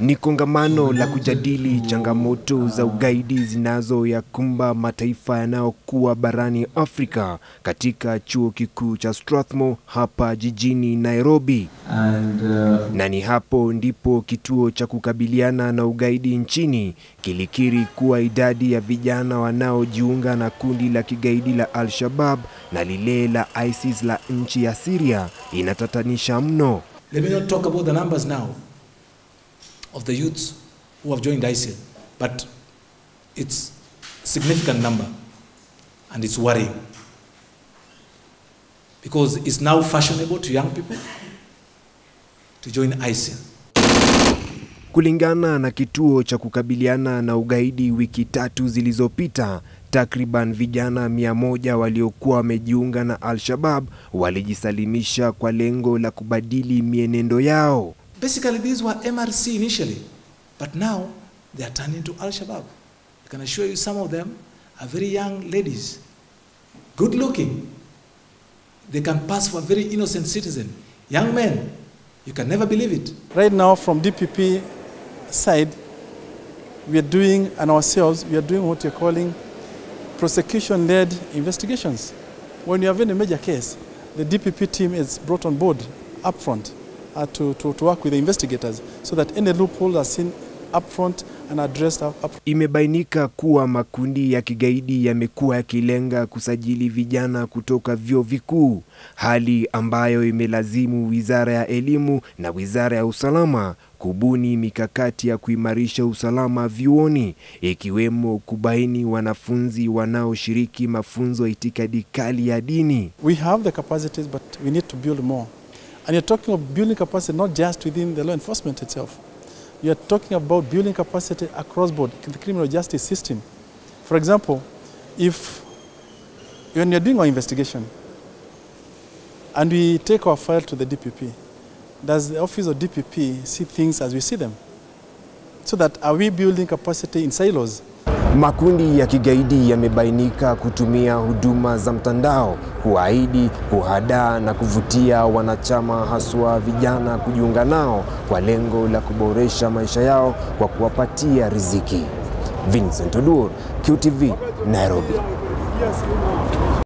Ni kongamano la kujadili changamoto za ugaidi zinazoyakumba mataifa yanayokuwa barani Afrika katika chuo kikuu cha Strathmore hapa jijini Nairobi. And, uh, na ni hapo ndipo kituo cha kukabiliana na ugaidi nchini kilikiri kuwa idadi ya vijana wanaojiunga na kundi la kigaidi la Al-Shabab na lile la ISIS la nchi ya Syria inatatanisha mno. Let me not talk about the numbers now of the youths who have joined ISIL, but it's a significant number and it's worrying because it's now fashionable to young people to join ISIL. Kulingana na kituo cha kukabiliana na ugaidi, wiki tatu zilizopita, takriban vijana mia moja waliokuwa wamejiunga na Al-Shabab walijisalimisha kwa lengo la kubadili mienendo yao. Basically these were MRC initially, but now they are turning to Al-Shabab. I can assure you some of them are very young ladies, good looking. They can pass for a very innocent citizen. Young men, you can never believe it. Right now from DPP side, we are doing, and ourselves, we are doing what you are calling prosecution-led investigations. When you have any major case, the DPP team is brought on board up front uh, to, to, to, work with the investigators so that any loophole are seen up front Imebainika kuwa makundi ya kigaidi yamekuwa yakilenga kusajili vijana kutoka vyuo vikuu, hali ambayo imelazimu Wizara ya Elimu na Wizara ya Usalama kubuni mikakati ya kuimarisha usalama vyuoni, ikiwemo kubaini wanafunzi wanaoshiriki mafunzo itikadi kali ya dini. We have the capacities but we need to build more. And you're talking of building capacity not just within the law enforcement itself. you are talking about building capacity across board in the criminal justice system. For example, if when you're doing our investigation and we take our file to the DPP, does the office of DPP see things as we see them? So that are we building capacity in silos? Makundi ya kigaidi yamebainika kutumia huduma za mtandao kuahidi, kuhadaa na kuvutia wanachama haswa vijana kujiunga nao kwa lengo la kuboresha maisha yao kwa kuwapatia riziki. Vincent Odur, QTV, Nairobi.